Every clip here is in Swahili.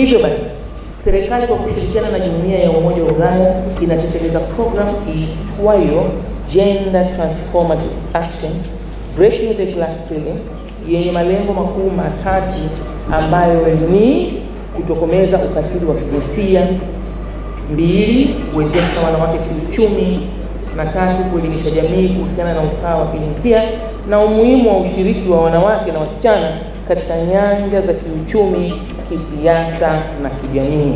Hivyo basi serikali kwa kushirikiana na jumuiya ya Umoja wa Ulaya inatekeleza programu iitwayo Gender Transformative Action Breaking the Glass Ceiling yenye malengo makuu matatu ambayo ni kutokomeza ukatili wa kijinsia, mbili, kuwezesha wanawake kiuchumi, na tatu, kuelimisha jamii kuhusiana na usawa wa kijinsia na umuhimu wa ushiriki wa wanawake na wasichana katika nyanja za kiuchumi kisiasa na kijamii,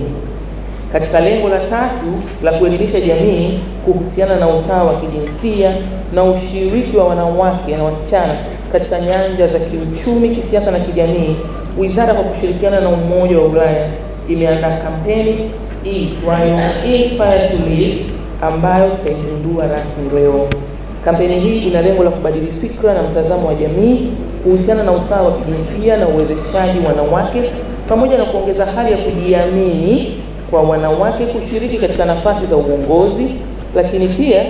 katika lengo la tatu la kuelimisha jamii kuhusiana na usawa wa kijinsia na ushiriki wa wanawake na wasichana katika nyanja za kiuchumi, kisiasa na kijamii, wizara kwa kushirikiana na Umoja wa Ulaya imeandaa kampeni iitwayo Inspire to Lead ambayo tutaizindua rasmi leo. Kampeni hii ina lengo la kubadili fikra na mtazamo wa jamii kuhusiana na usawa wa kijinsia na uwezeshaji wanawake pamoja na kuongeza hali ya kujiamini kwa wanawake kushiriki katika nafasi za uongozi, lakini pia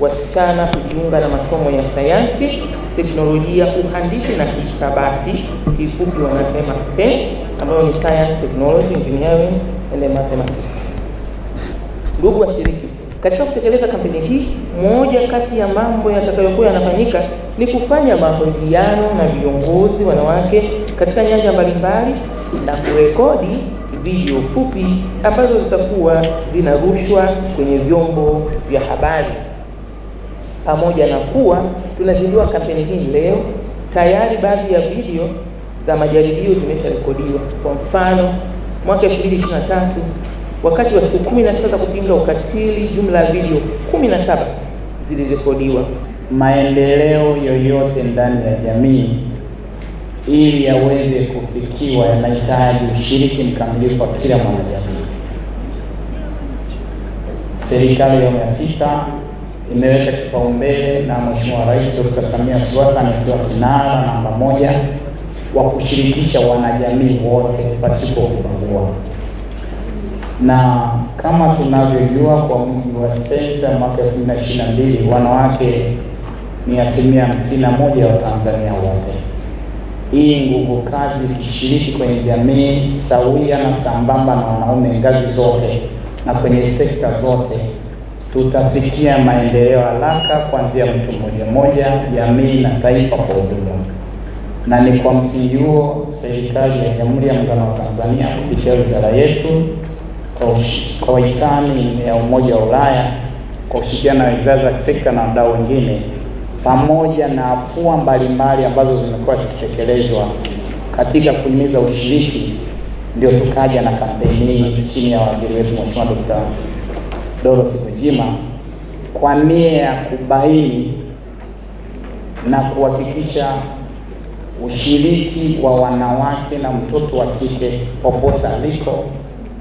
wasichana kujiunga na masomo ya sayansi, teknolojia, uhandisi na hisabati, kifupi wanasema STEM, ambayo ni science, technology, engineering and mathematics. Ndugu washiriki katika kutekeleza kampeni hii, moja kati ya mambo yatakayokuwa yanafanyika ni kufanya mahojiano na viongozi wanawake katika nyanja mbalimbali na kurekodi video fupi ambazo zitakuwa zinarushwa kwenye vyombo vya habari. Pamoja na kuwa tunazindua kampeni hii leo, tayari baadhi ya video za majaribio zimesharekodiwa. Kwa mfano, mwaka 2023 wakati wa siku 16 za kupinga ukatili, jumla ya video 17 zilirekodiwa. Maendeleo yoyote ndani ya jamii ili yaweze kufikiwa yanahitaji ushiriki mkamilifu wa kila mwanajamii. Serikali ya awamu ya sita imeweka kipaumbele na Mheshimiwa Rais Dr. Samia Suluhu Hassan akiwa kinara namba moja wa kushirikisha wanajamii wote pasipo kubagua na kama tunavyojua kwa mujibu wa sensa mwaka mbili wanawake ni asilimia moja wa Tanzania wote. Hii nguvu kazi ikishiriki kwenye jamii sawia na sambamba na wanaume ngazi zote na kwenye sekta zote, tutafikia maendeleo haraka kuanzia mtu mmoja mmoja, jamii na taifa kwa ujumla. Na ni kwa msingi huo serikali ya Jamhuri ya Muungano wa Tanzania kupitia wizara yetu kwa wahisani ya Umoja wa Ulaya kwa kushirikiana na wizara za kisekta na wadau wengine, pamoja na afua mbalimbali ambazo zimekuwa zikitekelezwa katika kuhimiza ushiriki, ndio tukaja na kampeni hii chini ya waziri wetu Mheshimiwa Dkt. Dorothy Gwajima kwa nia ya kubaini na kuhakikisha ushiriki wa wanawake na mtoto wa kike popote aliko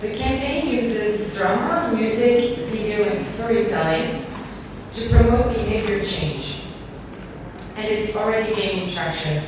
The campaign uses drama, music, video, and storytelling to promote behavior change. And it's already gaining traction.